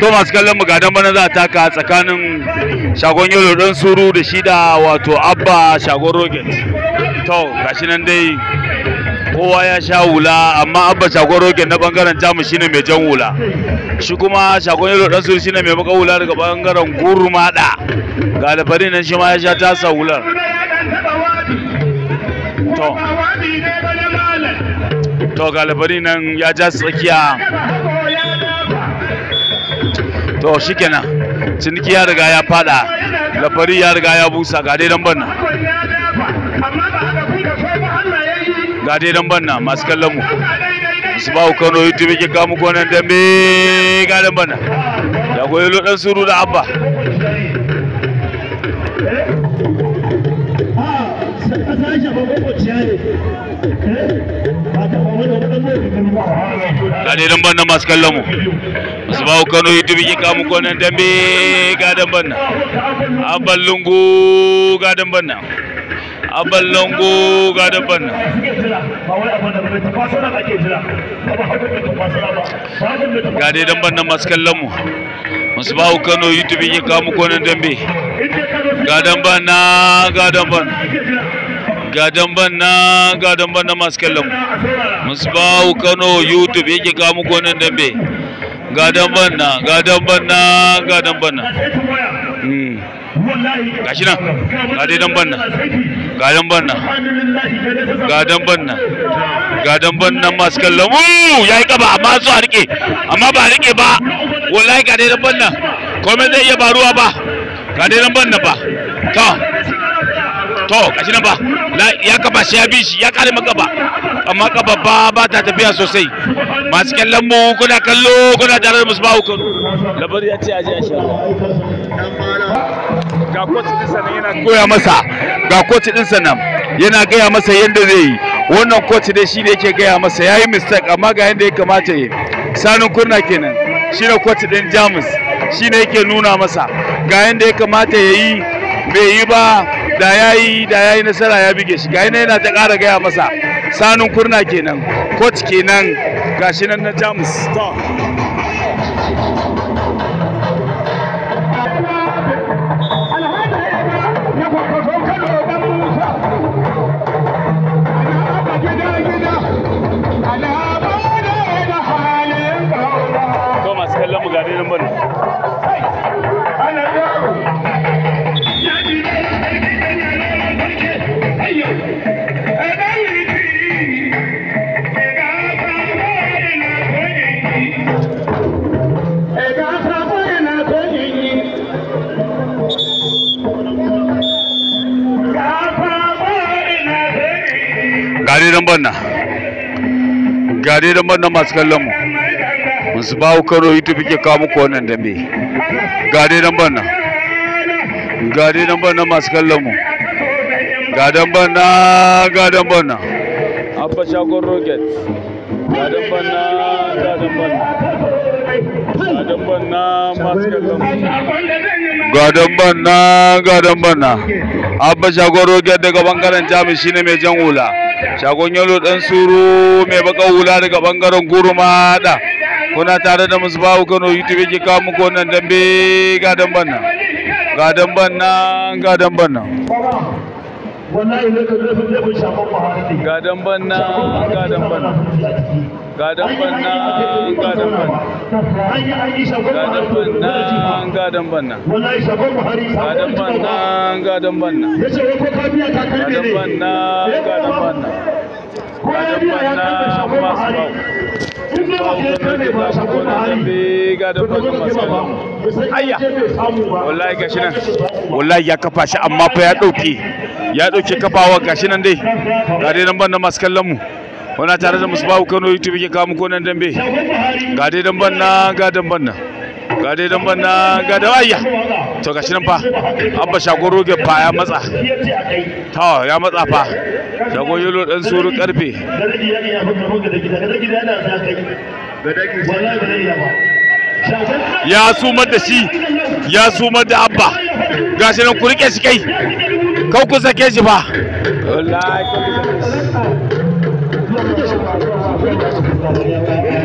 Thomas kallon mugadan bana za a taka tsakanin shagon yolo don suru da shi da wato abba shagon rocket to gashi nan dai kowa ya sha wula amma abba shagon rocket na bangaren jamus shine mai jan wula shi kuma shagon yolo dan suru shine mai baka wula daga bangaren gurmada ga da nan shi ma ya sha tasa hular to to galibari nan ya ja su tsakiya to shikenan ciniki ya riga ya fada lafari ya riga ya busa ga dai damban nan ga dai damban nan masu kallon mu su ba kano youtube ke kamu gonan dambe ga damban nan ya goyi lo dan suru da abba ga dai banna masu kallon mu su ba Kano YouTube ki kamu konan dambe ga banna abban lungu ga dan banna abban lungu ga dan banna ga dai dan banna masu kallon mu masu ba Kano YouTube ki kamu konan dambe ga banna ga banna ga dan banna ga banna masu kallon mu musbahu kano youtube yake kawo muku wannan dambe ga damban na ga damban na ga damban na hmm. ga shi nan ga dai damban na ga damban na ga damban na ga damban nan masu kallon ya yi kaba amma su a rike amma ba a rike ba wallahi ga dai damban na komai zai iya baruwa ba ga dai damban na ba to to ga shi nan ba ya kaba shi ya bi shi ya kare maka ba amma ka ba ba ta tafiya sosai masu kallon mu kuna kallo kuna tare da musbahu kano labar ya ce aje a ga kotu din sanan yana koya masa ga kotu yana gaya masa yadda zai yi wannan kotu dai shi ne yake gaya masa ya yi mistake amma ga yadda ya kamata yi sanin kurna kenan shi ne kotu din jamus shi ne yake nuna masa ga yadda ya kamata ya yi bai yi ba da ya yi da ya yi nasara ya bige shi ga yana ta ƙara gaya masa sanun kurna kenan coach kenan gashi nan na jamus Thomas kallon mu dai dan banna ga dai dan banna masu kallon mu musu bawo karo yi tafi ke kawo muku wannan dambe ga dai dan banna ga dai dan banna masu kallon mu ga dan banna ga dan banna abba shagon rocket ga dan banna ga ga masu kallon mu gadon banna gadon banna abba shagoro daga bangaren jami shine mai jan hula shagon yalo dan suru mai baka hula daga bangaren guruma da kuna tare da musbahu kano youtube ke kawo muku wannan dambe ga damban nan ga damban nan ga damban nan ga damban nan ga damban nan gadon banna gadon banna gadon banna gadon banna gadon banna gadon banna gadon banna gadon banna gadon banna masu bawo inda ba ke kane ba sabo da hali ga da ayya wallahi gashi nan wallahi ya kafa shi amma fa ya dauke ya dauke kafawa gashi nan dai ga dai nan ban masu kallon mu wana tare da musu babu kano youtube ke kawo muku nan dambe ga dai damban na ga damban na ga dai damban na ga da waya to gashi nan fa abba shagon roge fa ya matsa to ya matsa fa shago yolo dan suru karfe ya sumar da shi ya sumar da abba gashi nan ku rike shi kai kau ku sake shi fa wallahi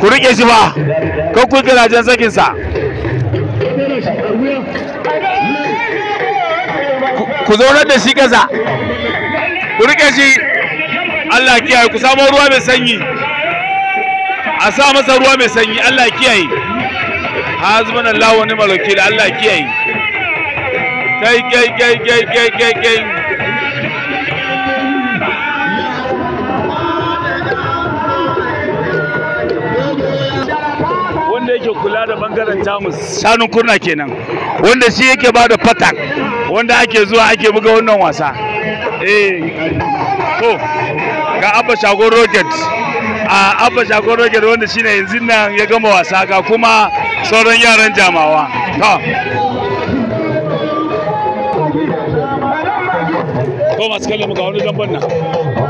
ku riƙe shi ba ko ku sakin sakinsa ku zaunar da shi ƙasa ku riƙe shi Allah kiyaye ku samu ruwa mai sanyi a sa masa ruwa mai sanyi Allah kiyaye hazman Allah wani malaki da Allah kiyaye kai kai kai kai kai kai kai bangaren jamus shanun kurna kenan wanda shi yake ba da fatak wanda ake zuwa ake buga wannan wasa eh to ga abba shagon rocket a abba shagon rocket wanda ne yanzu nan ya gama wasa ga kuma sauran yaran jamawa to ko masu kallon ga wani nan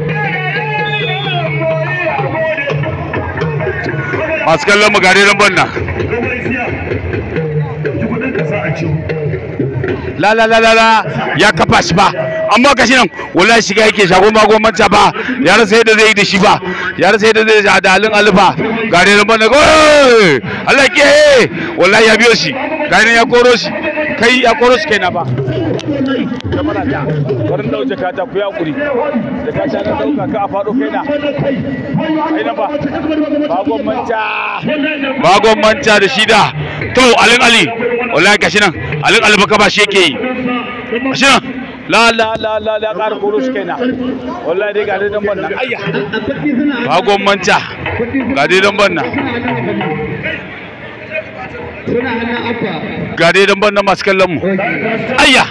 masu kallon mu na nan banna la la la la la ya kafa shi ba amma ka shi nan wallahi shiga yake shago ma manta ba ya rasa yadda zai yi da shi ba ya rasa yadda zai da halin alfa gari na banna Allah ke wallahi ya biyo shi gari ya koro shi kai ya koro shi kai na ba bari dau jakata ku yakuri jakata na dauka ka a faɗo kaina kaina ba bagon manta bagon manta da shida to alin ali wallahi gashi nan alin ali baka ba shi yake yi gashi nan la la la la la ƙara koro shi wallahi dai ga dai dan banna ayya bagon manta ga dai dan banna ga dan banna masu kallon mu ayya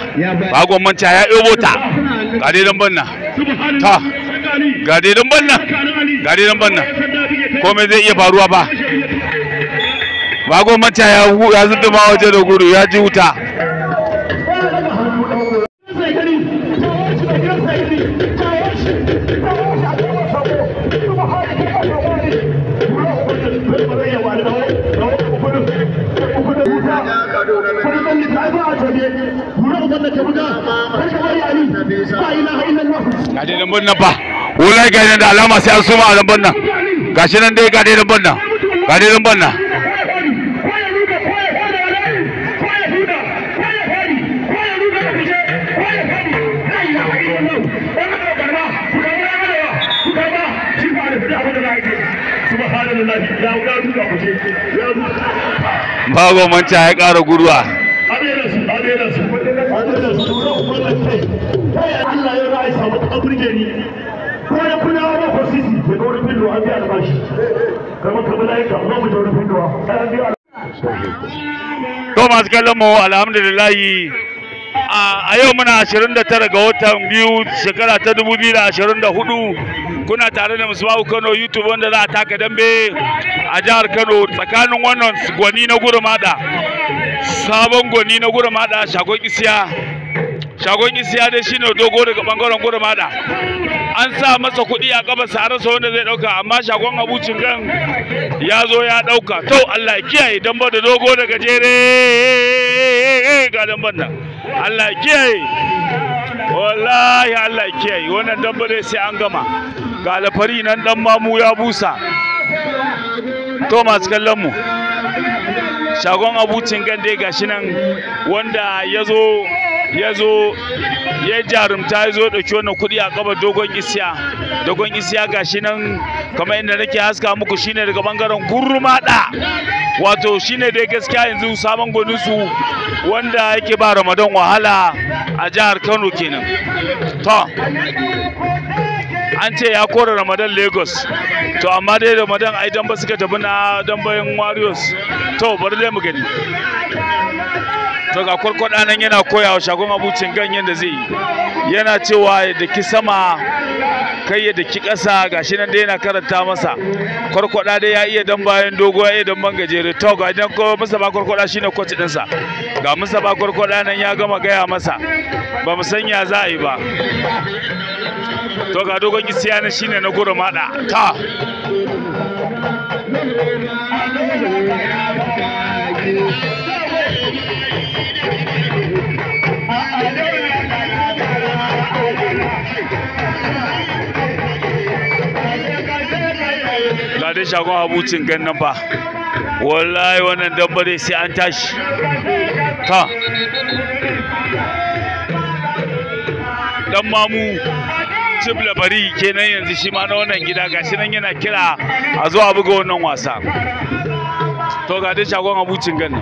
bagon manta ya ɗebo ta ga dan banna ta ga dan banna ga dan banna komai zai iya faruwa ba bagon manta ya zuduma waje da gudu ya ji wuta lambun nan fa wallahi ga nan da alama sai an suma a lambun nan gashi nan dai ga dai lambun nan ga dai lambun nan Bago manta ya ƙara gurwa. To masu kallon mu alhamdulillahi a yau muna tara ga watan biyu shekara ta hudu kuna tare da Musma'u Kano YouTube wanda za a taka dambe a jihar Kano tsakanin wannan gwani na gurmada sabon gwani na gurmada shagon isiya shagon isiya dai shine dogo daga bangaren gurmada an sa masa kuɗi a gaba sa rasa wanda zai ɗauka amma shagon abucin gan ya zo ya ɗauka to Allah ya kiyaye damba da dogo da gajere ga damban nan Allah ya kiyaye wallahi Allah ya kiyaye wannan damba dai sai an gama ga alfari nan dan mamu ya busa to masu kallon mu shagon abucin gan dai gashi nan wanda ya zo ya zo ya jarumta ya zo ɗauki wannan kuɗi a gaba dogon isiya dogon isiya gashi nan kamar inda nake haska muku shine daga bangaren gurmaɗa wato shine dai gaskiya yanzu sabon gwaninsu wanda yake ba ramadan wahala a jihar kano kenan to an ce ya kora ramadan lagos to amma dai ramadan ai dan ba suka tafi na dan bayan warriors to bari dai mu gani to ga kwarkwada nan yana koyawa shagon abucin ganyen da zai yi yana cewa da ki sama kai da ki ƙasa gashi nan dai yana karanta masa kwarkwada dai ya iya dan bayan dogo ya iya dan man gajere to ga dan ko masa ba kwarkwada shine coach din sa ga masa ba kwarkwada nan ya gama gaya masa ba mu san ya za a yi ba to ga dogon isiya na shine na gura mada ta Thank you. da shagon habucin ganin ba wallahi wannan dabba dai sai an tashi ta dan mamu cibla bari kenan yanzu shi ma na wannan gida gashi nan yana kira a zo a buga wannan wasa to ga dai shagon habucin ganin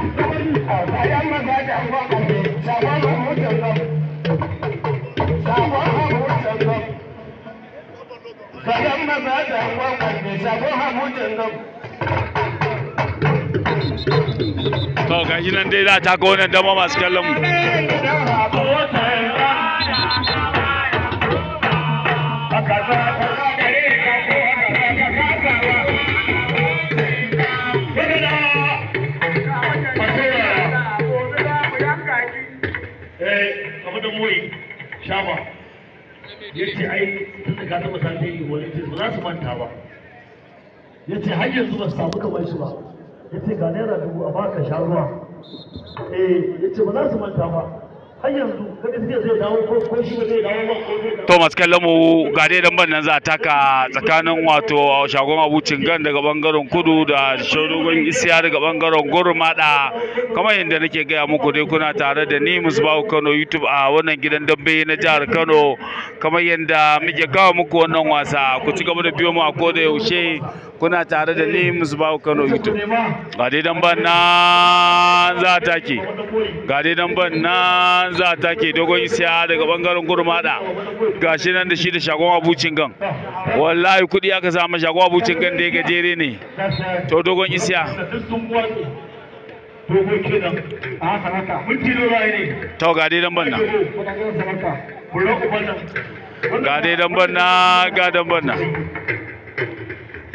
maza da hawa kwanne shago hamujin nan to ga nan dai za ta ga dama masu kallon eh, ka taɓa sake yi volunteers ba za su manta ba ya ce har yanzu ba su samu kamar su ba ya ce ga naira dubu a baka sha ruwa eh ya ce ba za su manta ba to masu kallon mu ga dai dan nan za a taka tsakanin wato shagon abucin gan daga bangaren kudu da shodogon isiya daga bangaren da kamar yadda nake gaya muku dai kuna tare da ni musbahu kano youtube a wannan gidan dambe na jihar kano kamar yadda muke kawo muku wannan wasa ku ci gaba da biyo mu a koda yaushe kuna tare da ni musbahu kano hito ga dai dan ban nan za ta ke ga dai dan ban nan za ta ke dogon siya daga bangaren gurmada gashi nan da shi da shagon abucin gan wallahi kudi aka samu shagon abucin gan da ya gajere ne to dogon isiya to ga dai dan ban nan ga dai dan ban nan ga dan ban nan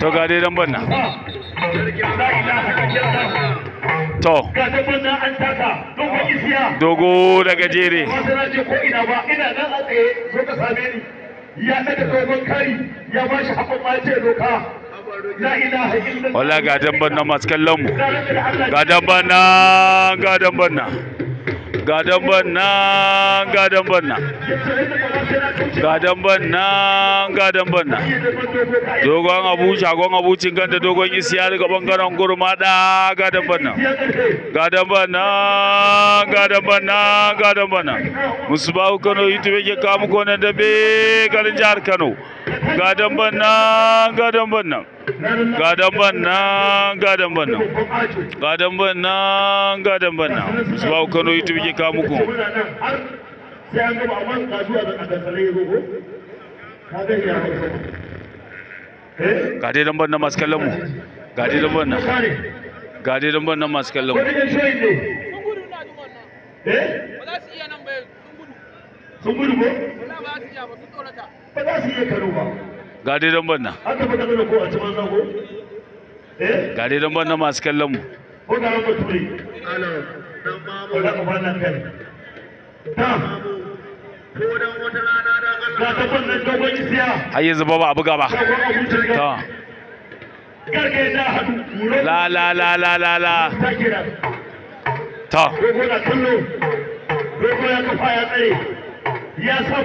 to ga dai damban nan to dogo da gajere wala ga damban nan masu kallon mu ga damban nan ga damban nan gadon banna gadon banna gadon banna gadon banna dogon Abuja, shagon abucin ganta dogon isiya daga bangaren gurma da gadon banna gadon banna gadon banna gadon banna musu ba kano youtube ke kamu ko da be garin jihar kano ga damban nan ga damban nan ga damban nan ga damban nan ga ba nan ga damban nan zuwa Kano YouTube ke ka muku sai an gaba wani kasuwa da kasalai ko ka ga ya ga dai damban nan masu kallon mu ga dai damban nan ga dai nan masu kallon mu sun gudu ko? Wala su iya ba sun tsorata. ba za don banna an a don eh? banna masu kallon mu ko da dan banna dogon isiya yanzu ba ba buga ba ta la la la la la la ta ya sa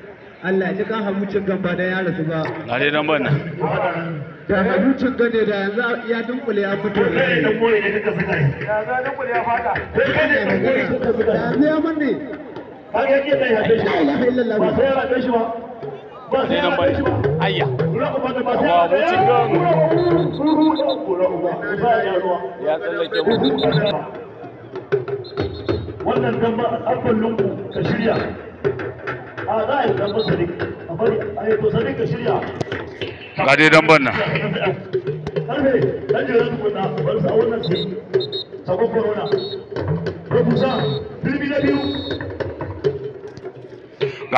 Allah ya kan hamu cin gamba da ya rasu ba. Na dai nan ban Da hamu cin gane da yanzu ya dunkule ya fito. Kai dunkule ne duka Ya dunkule ya fada. ya suka Yanzu Ka ga ke dai hade shi. La ilaha Ba sai ya shi ba. Ba sai ya shi ba. Ayya. cin Ya tsallake Wannan gamba a kullum ka shirya. a biyu ga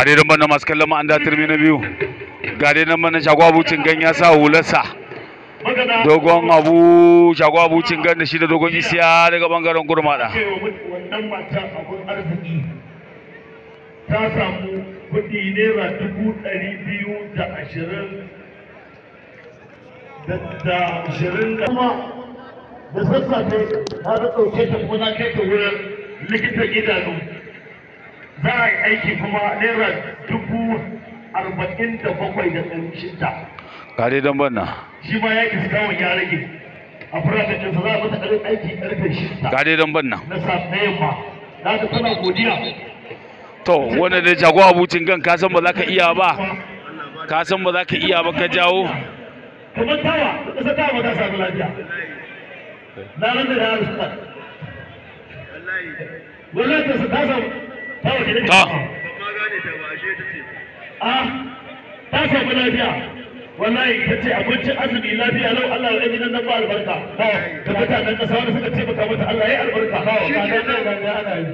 dai damban nan masu kallon ma'anda turmi na biyu ga dai damban nan gan ya sa hularsa dogon abu gan da shi da dogon isiya daga bangaren gurmada kuɗi naira dubu ɗari biyu da ashirin da ashirin da kuma da sassafe ta da ɗauke ta kuma na kai ta wurin likitan idanu za a yi aiki kuma naira dubu arba'in da bakwai da ɗari shida. Kare don banna. Shi ma ya iska wa ya rage. A furata sa za a mata aiki ƙarfe shida. Kare don banna. Na sa ɗaya ma. Na ta tana godiya to wani da jago abucin gan ka ba za ka iya ba ka san ba za ka iya ba ka jawo kuma tawa kusa taya ba da lafiya na nan da na rufa wallahi ta ta samu ta wani ne ta a ta samu lafiya wallahi ta ce abinci azumi lafiya lau Allah ya gidan nan ba albarka suka ce mata Allah ya albarka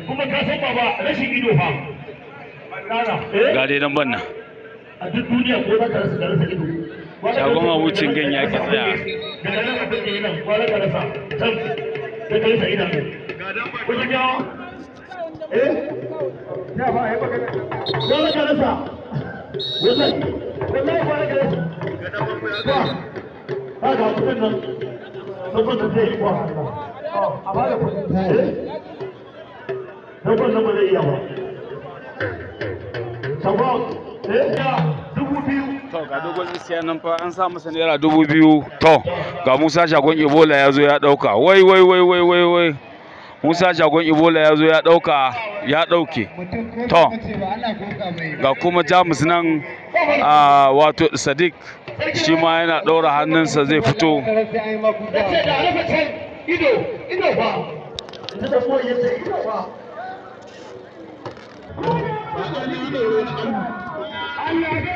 kuma ka san ba ba rashin ido ba. Eh? ga dai nan banna a duk duniya ko za ka rasa rasa ido shagon gan ya ki tsaya daga nan abin da yana kwana ka rasa can da ina ne eh ya ya baka kwana ka rasa wallahi wallahi kwana ka rasa ba ga kudin nan kwa a kudin eh? zai Eh? to ga dogon an sa masa naira dubu ga musa shagon ebola ya zo ya dauka ya zo ya kuma jamus nan a wato sadiq shi ma yana daura hannunsa zai fito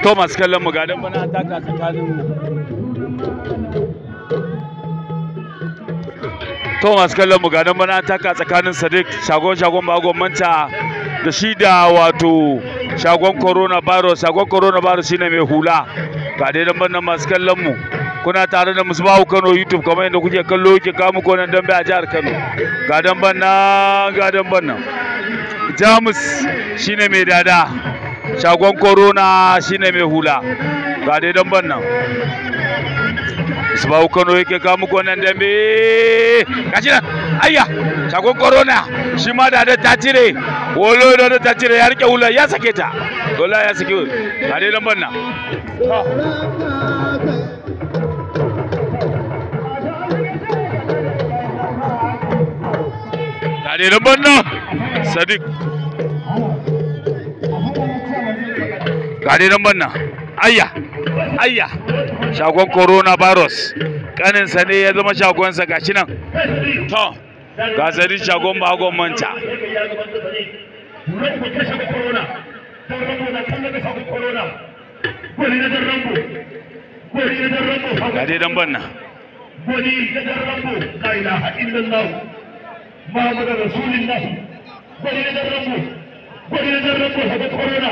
Thomas masu kallon mu ga dan bana taka tsakanin Thomas kallon mu ga dan bana taka tsakanin Sadiq shagon shagon bagon manta da shi da wato shagon corona virus shagon corona virus shine mai hula ga dai dan bana masu kallon mu kuna tare da musbahu kano youtube kamar yadda kuke kallo yake kamu muku nan dambe a jihar kano ga dan bana ga dan bana jamus shine mai dada shagon corona shine mai hula ga dai don ban nan Isbahu Kano yake ga muku wannan dambe gashi nan ayya shagon Corona shi ma da da tatire wolo da da tatire ya rike hula ya sake ta wala ya sake ga dai don ban nan ga dai don ban nan Sadiq gare nan banna ayya ayya shagon corona virus kaninsa ne ya zama shagonsa gashi nan to gasarin shagon bagon manta gare nan banna gwani da rambo la mu da rasulun rasulullahi gwani da jarrabu, gwani da jarrabu, hada corona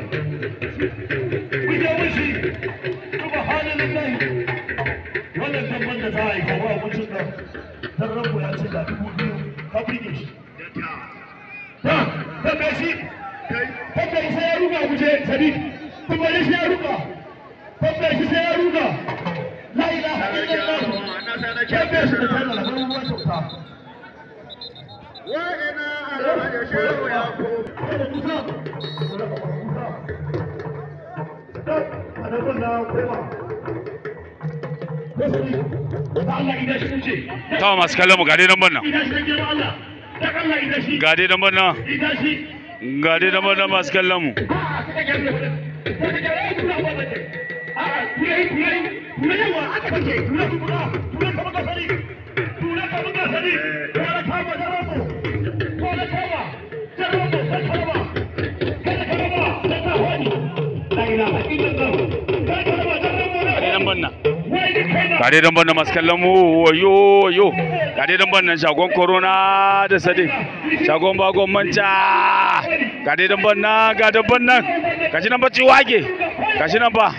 din nan wannan dabban da za a yi kawo abincin nan dan rabu ya ce da dubu biyu ka bige shi ta ta bai shi ta bai sai ya ruga guje sadi ta bai shi ya ruga ta bai shi sai ya ruga la ilaha illallah ta bai shi da tana da ruwan kyauta wa'ina ala ya shehu ya ko da kusa da kusa da kusa ta masu kallon mu gade lambar nan gade lambar nan gade lambar nan masu kallon mu Gade lambar nan kare dan banna masu kallon mu wayo yo kare dan banna shagon corona da sade shagon bagon manta kare dan banna ga dan nan kashi nan ba ci wage kashi nan ba